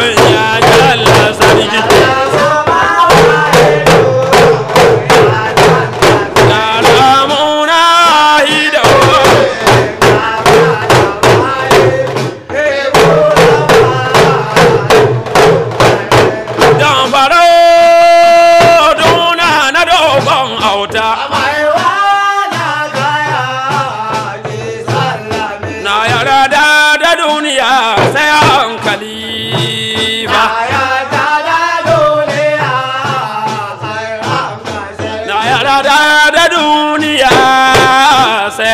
Yeah.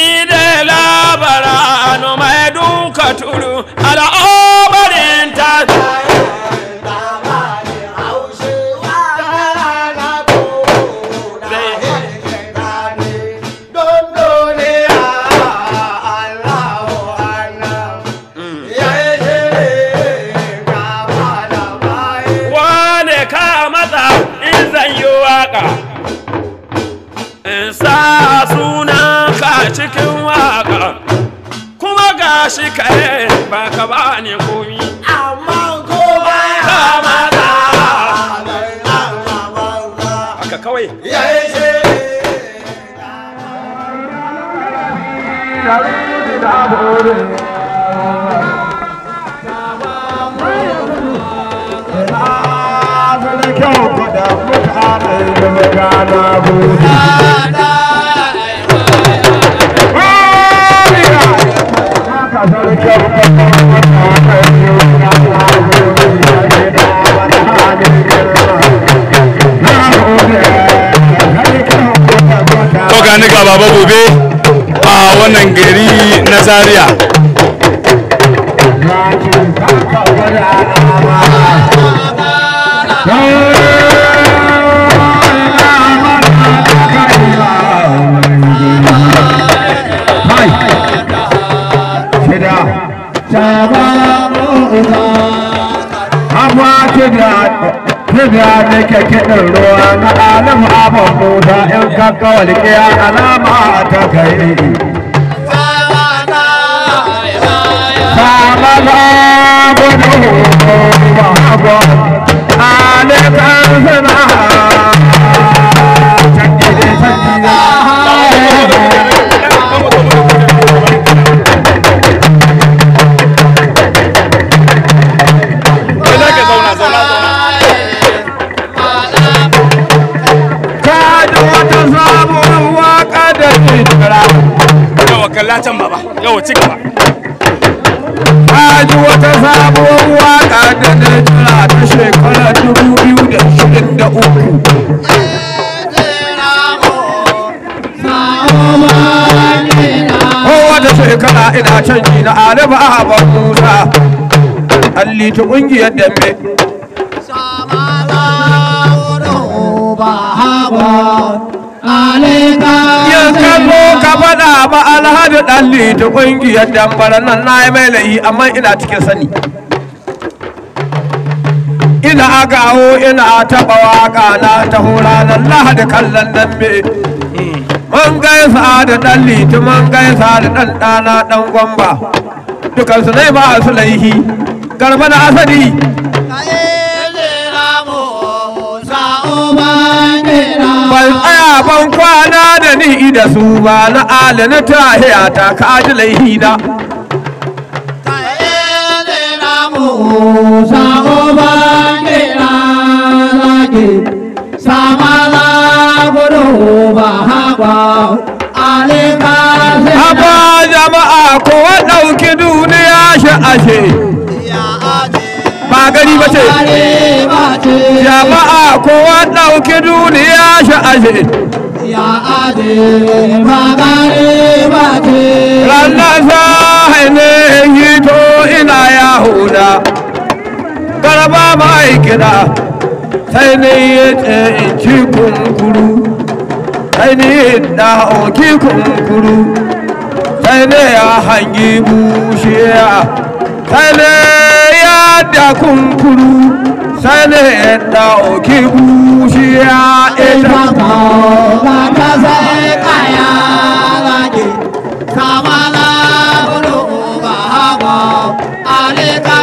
ni da labara anu mai ala turu al'obarin ta shi kare ba ka ba ne komi amma ko baya kama ka haka kawai ya yi ce Kyau kuɗa mutane da magana Toka baba gobe a wannan gari na Zaria. da nake kiɗin ruwa na alam abin musa in kakka walƙiya alama ta kai ba alikan kalla can baba yawa ci gaba ji wata sabuwar waka da na jira ta shekara dubu biyu da shirin da uku kowace shekara ina canji na alifa a musa alli ta ƙungiyar dambe ba alhaji dalli ta kungiyar dambara nan na yi mai layi amma ina cikin sani ina gawo ina taɓa waƙa na ta hura nan lahadi kallon dambe Mun gaisa da ɗan ta mun gaisa da ɗan ɗana ɗan gwamba dukansu ne ba su laihi garba sa asali Sa'o ban tsaya ban kwana da ni da su ba na alini ta hiya ta kaji laihina Samo ba kira zaki, sama za gudu ba haɓa, alika sai. Haba jama'a kowa ɗauki duniya shi ashe. ba gani ba ce jama'a kowa ɗauki duniya sha'ashi ranar sahai ne yi to ina ya huda garba mai gida sai ne ya ce in ci kunkuru sai ne da oki kunkuru sai ne ya hangi bushiya sai ne da kunkuru sani oke bushiya ita eh, ba ta sai kaya kama kamala bulu ba hawa alika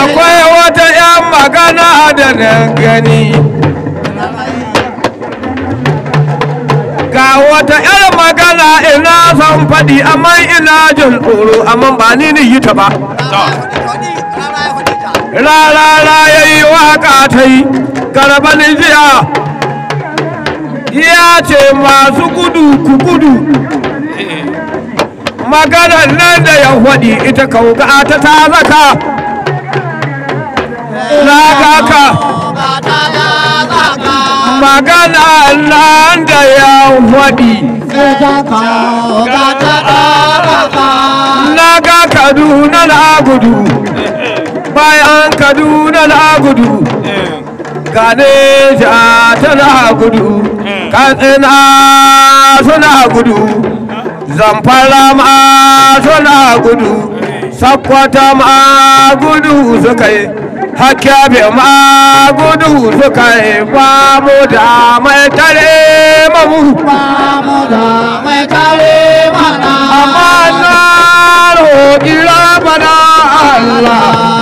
akwai wata yan magana da nan gani ga wata yan magana ina son faɗi amma ina jin tsoro amma ba ni ni yi ta ba rarara ya yi waƙa ta yi karban jiya ya ce masu gudu ku gudu maganar nan da ya faɗi ita kauka ta ta zaka zaka magana nan da ya faɗi na ga kaduna na gudu bayan kaduna na gudu gane ja tana gudu katsina suna gudu zamfara ma suna gudu sakwata ma gudu suka yi hakkabe ma gudu suka yi ba mu da mai tare mamu ba mu da mai tare mana amma na roƙi rabana Allah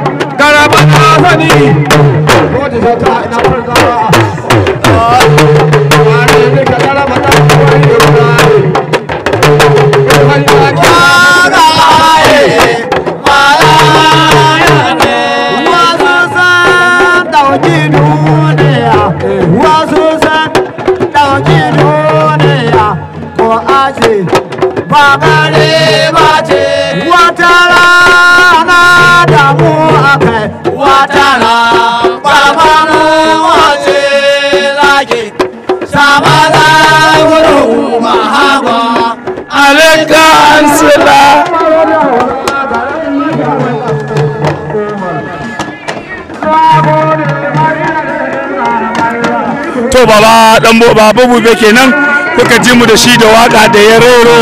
garaba na sani ko ina farka a garaba fagare ba ce wata na da mu akai watala rana ba ce lake sama da gudu mahagwa to baba dan baba bubu kenan kuka ji mu da shi da waka da ya rero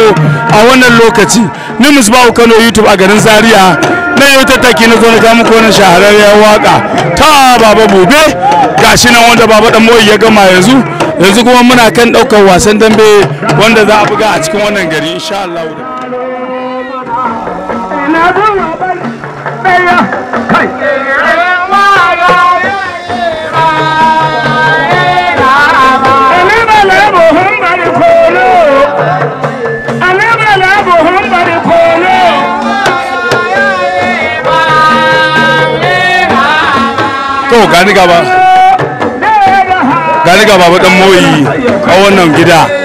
a wannan lokaci ni musbahu kano youtube a garin zaria na yau tattaki na zo na ga muku wannan shahararren waka ta baba bube gashi nan wanda baba dan moyi ya gama yanzu yanzu kuma muna kan ɗaukar wasan dambe wanda za a buga a cikin wannan gari insha Allah to oh, gani gaba gani gaba ba dan moyi a wannan gida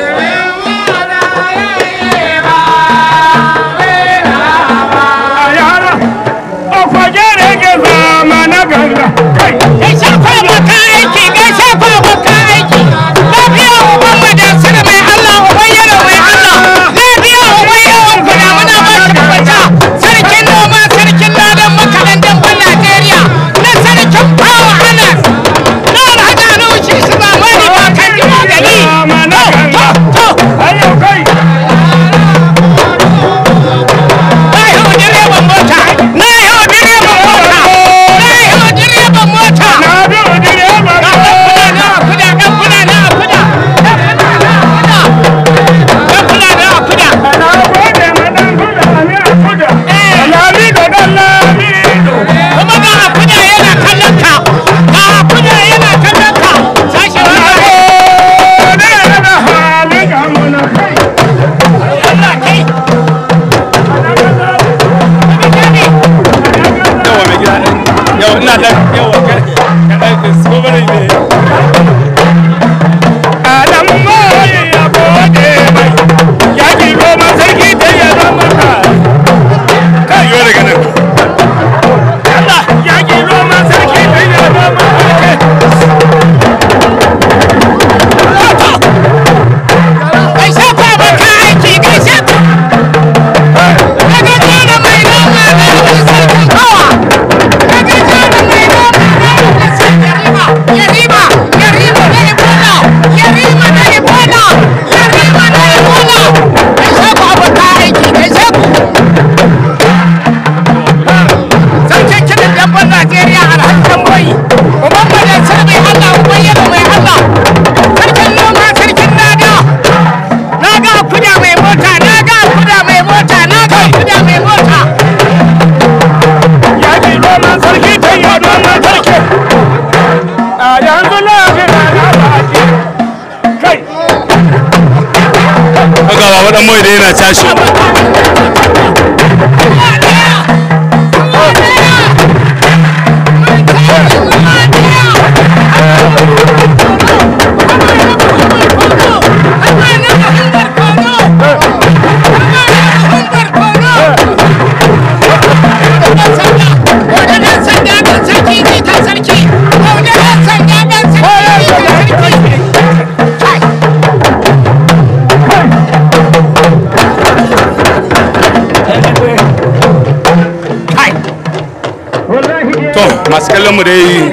mu dai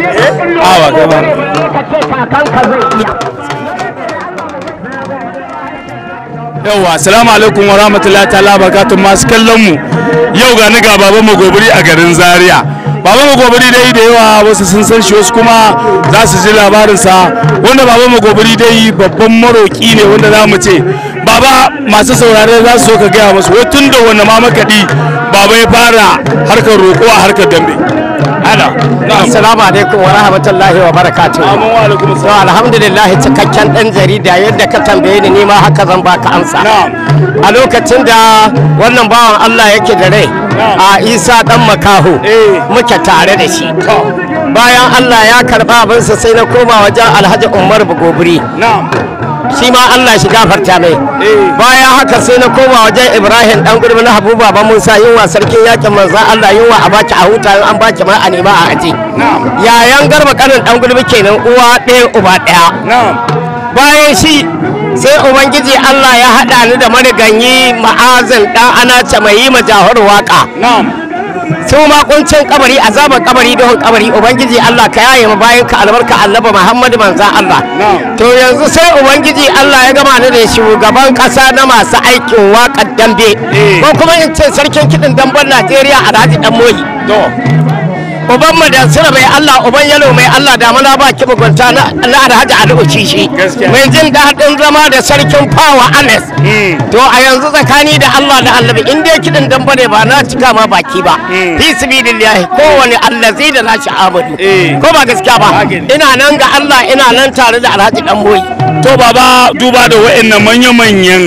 awa gaba yauwa assalamu alaikum wa rahmatullahi ta'ala barakatun masu kallon mu yau ga ni ga baban magobiri a garin zaria baban magobiri dai da yawa wasu sun san shi wasu kuma za su ji labarinsa wanda baban magobiri dai babban maroki ne wanda za mu ce baba masu saurare za su so ka gaya masu wai tun da wanne ma makaɗi baba ya fara harkar roƙo a harkar dambe assalamu alaikum wa rahmatullahi wa barakatuhu alhamdulillah cikakken dan jarida yadda ka tambaye ni nima haka zan baka amsa a lokacin da wannan bawan Allah yake da rai a Isa dan makaho eh. muke tare da shi bayan Allah ya karba abinsa sai na koma wajen Alhaji Umar Bugobiri shi ma Allah shi gafarta mai baya haka sai na koma wajen Ibrahim dan gurbi na Habu Baba Musa yunwa sarkin yakin manza Allah yunwa a baki a huta an baki ma a nema a aje yayan garba kanin dan gurbi kenan uwa ɗaya uba ɗaya bayan shi sai ubangiji Allah ya haɗa ni da mariganyi ma'azin ɗan ce mai yi ma jahar waƙa sun kuncin kabari azaban kabari duhun kabari ubangiji Allah ka yaye mu bayan ka albarka annabi Muhammadu manzan Allah to yanzu sai ubangiji Allah ya gama ni da shugaban kasa na masu aikin waƙar dambe eh. ko kuma in ce sarkin kidin damben Najeriya Alhaji Danmoyi uban mu da sura mai Allah uban yalo mai Allah da mana ba ki bugunta na Alhaji Ali Ucishi mai jin daɗin zama da sarkin fawa Anas hmm. to a yanzu tsakani da Allah da Annabi in dai kidin dan bane ba na cika ma baki ba hmm. fi wani Allah allazi da shi amadu eh. ko ba gaskiya ba ina nan ga Allah ina nan tare da Alhaji boyi to baba duba da wa'annan manya-manyan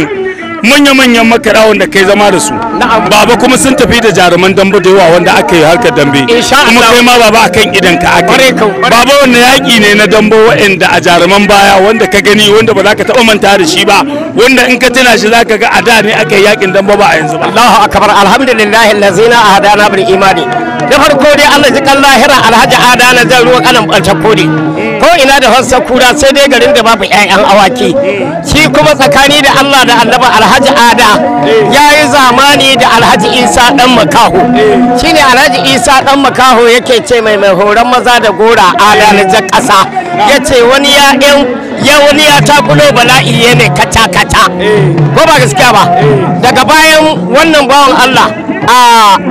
manya-manyan makara da kai zama da su na'am baba kuma sun tafi da jaruman dambe da yawa wanda aka yi harkar dambe kuma kai ma baba akan idan ka ake baba wannan yaƙi ne na dambe waɗanda a jaruman baya wanda ka gani wanda ba za ka taɓa manta da shi ba wanda in ka tuna shi za ka ga a da ne aka yi yaƙin dambe ba a yanzu ba Allahu akbar alhamdulillah a ahdana bil imani da farko dai Allah ji kan lahira alhaji adana zan ruwa kanan ɓancen ne ko ina da hansa kura sai dai garin da babu ƴaƴan awaki shi kuma tsakani da Allah da annaba alhaji ada yayi zamani ni da alhaji isa dan makaho eh. shine alhaji isa dan makaho yake ce mai mai horon maza da gora adalajar ƙasa eh. ya ce wani ya ya wani ya takulo bala'i ya ne kata kata ko ba gaskiya ba eh. daga bayan wannan bawan allah a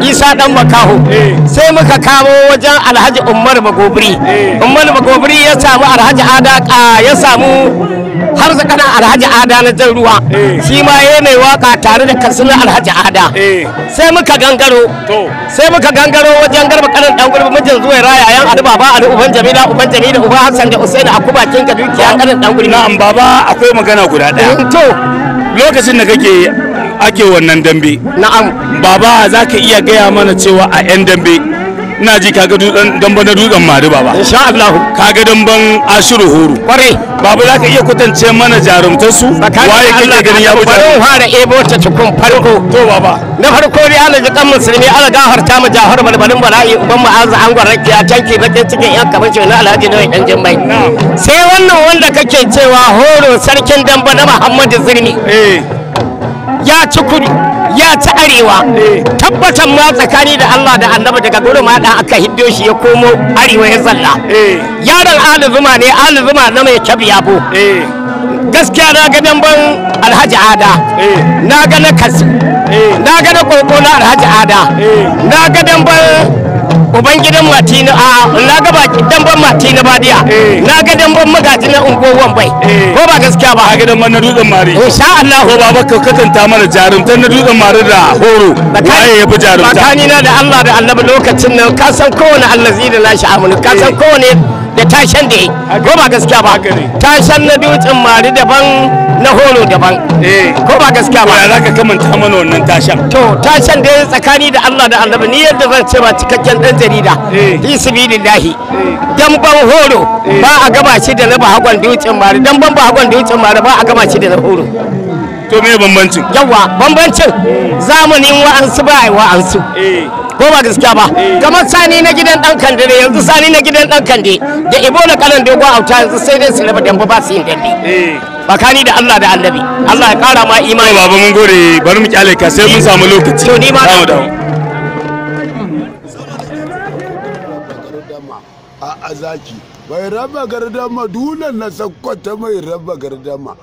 isa dan makaho sai muka kawo wajen alhaji umar magobri umar magobri ya samu alhaji ada ya samu har zakana alhaji ada na jan ruwa eh. shi ma ya mai waka tare da katsina alhaji ada eh. sai muka gangaro sai muka gangaro wajen garba kanan dan gurbi mijin zuwa raya yan adu baba adu uban jamila uban jamila uban hassan da usaini a kuma kin ga dukiya kanan dan gurbi na'am baba akwai magana guda daya eh, to lokacin da kake ake wannan dambe na'am baba za ka iya gaya mana cewa a yan dambe ina ji kaga dutsen damba na dutsen mari baba insha Allah kaga damban ashiru horo kware babu zaka iya kutance mana jarumtar su waye kike ganin ya wuce ko fara ebo ta tukun farko to baba na farko ne Allah ji kan musulmi Allah ta mu jahar balbalin bala'i uban mu azza an rakiya tanki bakin cikin yan kamar ce na Alhaji ne dan Jimbai sai wannan wanda kake cewa horo sarkin damba na Muhammadu Zirmi eh. ya ci kudu ya ta arewa tabbatan ma tsakani da Allah da annabi daga gurin ma da aka hiddo shi ya komo arewa ya zalla eh. yaron alizuma ne alizuma na mai kyabi yabo eh. gaskiya na ga ban alhaji ada eh. na ga na kasi na ga na kokona alhaji ada na ga ban ubangidan gidan matini a na ga baki damban matini badiya eh. na ga damban magaji na unguwan bai eh. ko ba gaskiya ba a gidan na dutsen mari insha Allah ko baba ka kanta mana jarumtar na dutsen mari da horo waye ya fi jarumta ba na da Allah da Annabi lokacin nan ka san kowane allazi da lashi amanu ka san eh. kowane da tashen da ya ko ba gaskiya ba tashen na biyu mari daban na holo daban eh. ko ba gaskiya ba ya zaka kamanta mana wannan tashen to tashen da ya tsakani da Allah da Allah ni yadda zan ce ba cikakken dan jarida eh. fi sabilillahi eh. dan ban holo ba a gaba shi da na ba hagon biyu mari dan ban ba hagon biyu mari ba a gaba shi da na holo to me bambancin yawa bambancin zamanin wa'ansu ba ai wa'ansu eh ko ba gaskiya ba kamar sani na gidan dan kande ne yanzu sani na gidan dan kande da na kanan dogon auta yanzu sai dai su raba dambe ba su yin dambe bakani eh. da Allah da annabi Allah ya kara ma imani baba mun gode bari mu kyale ka sai mun eh. samu lokaci to ni ma da dawo a zaki bai raba gardama dulan na sakkwata mai raba gardama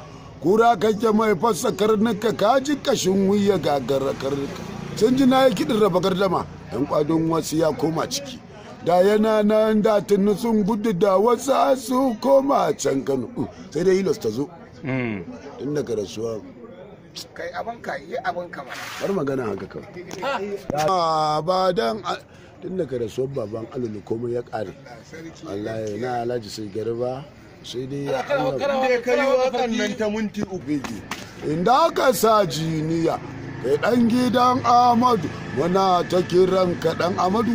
kura kake mai fasa karnuka kaji kashin wuya gagara karnuka sun ji na yi kiɗin raba gardama yan kwadon wasu ya koma ciki da yana nan da tuni sun gudu da wasu su koma can kano uh, sai dai ilos ta zo mm. tun daga rasuwa kai ka yi ka mana bar magana haka kan ah. ah, ba dan tun daga baban alulu komai ya kare wallahi na alhaji sai garba sai dai ya kalla da kai nan ta minti uku inda aka sa jiniya kai ɗan gidan Ahmadu muna ta kiran ka ɗan Ahmadu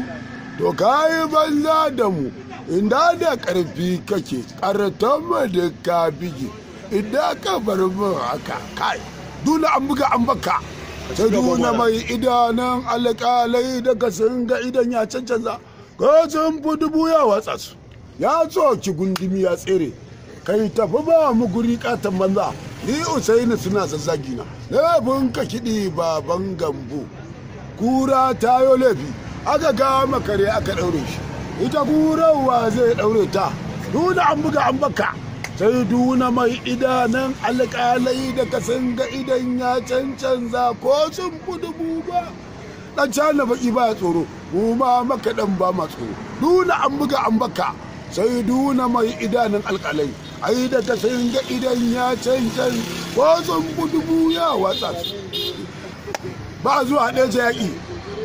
to kayi banza da mu inda da ƙarfi kake ƙaratan mu da ka bige inda ka bar mu haka kai dole an buga an baka ta duna mai idanan alƙalai daga sun ga idan ya cancanza ko sun fi dubu ya watsa su ya tsoki gundumi ya tsere kai tafi ba mu guri katan banza ni usaini suna zazzagi na laifin ka kiɗi baban gambo kura ta yo laifi aka ga makare aka ɗaure shi ita kurarwa zai ɗaure ta duna an buga an baka sai duna mai idanan alƙalai da ka san ga idan ya cancanza ko sun fi buba dan cana baki ba tsoro mu ma maka dan ba ma tsoro duna an buga an baka sai duna mai idanun alƙalai ai da ta san ga idan ya cancan ko sun ya watsa ba zuwa ɗaya ce yaƙi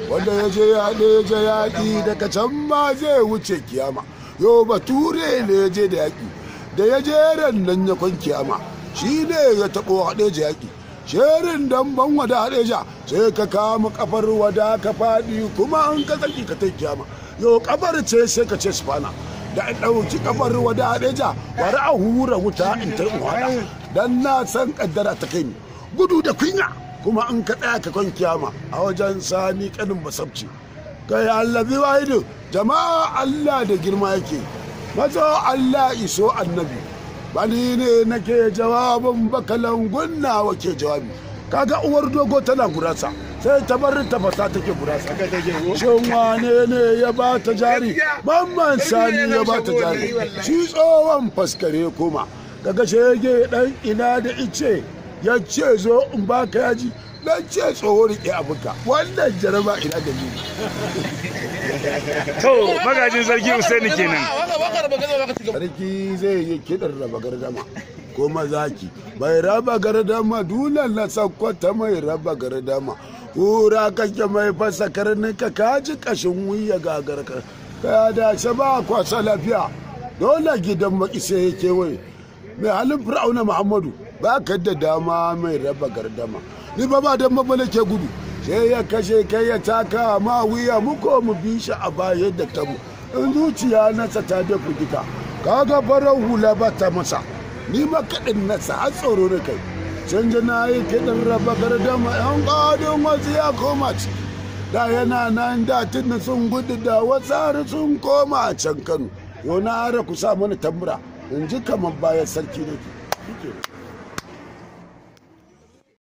wanda ya je ya ɗaya ce yaƙi daga can ma zai wuce kiyama yau Ture ne ya je da yaƙi da ya je nan ya kwan kiyama shi ne ya taɓo haɗe ce yaƙi sherin dan ban wada haɗe sai ka kama kafar wada ka faɗi kuma an ka tsaki ka ta kiyama yau kafar ce sai ka ce sufana da in ɗauki kafar ruwa da Abeja bari a hura wuta in ta wada dan na san kaddara ta kai gudu da kunya kuma in ka tsaya ka kan kiyama a wajen sani kanin basabci kai Allah bi wahidu jama'a Allah da girma yake mazo Allah iso annabi bani ne nake jawabin bakalan gunna wake jawabi kaga uwar dogo tana gurasa sai ta ta tafasa take gurasa shin wane ne ya ba ta jari mamman sani ya ba ta jari shi tsohon faskare kuma kaga shege dan ina da ice ya ce zo in ba ka yaji dan ce tsoho rike abuka wannan jaraba ina da ni to magajin sarki usaini kenan sarki zai yi kidan raba gardama kuma zaki bai raba gardama dulan na sakkwata mai raba gardama hura kake mai fasa karnuka ka ji kashin wuya gagar ka dace ba kwasa lafiya dole gidan makise ya kewaye mai halin fir'auna muhammadu ba ka da dama mai raba gardama ni ba ba don mabala ke gudu sai ya kashe kai ya taka ma wuya muko mu bi shi a baya da tabu in zuciya nasa ta dafu duka kaga farar hula ba ta masa ni ma kaɗin sa a tsoro da kai canja na yi kiɗin raba ma yan ƙadon wasu ya koma ci da yana nan da sun gudu da wasu har sun koma a can kano yau na ara ku sa mana tambura in ji kamar bayan sarki nake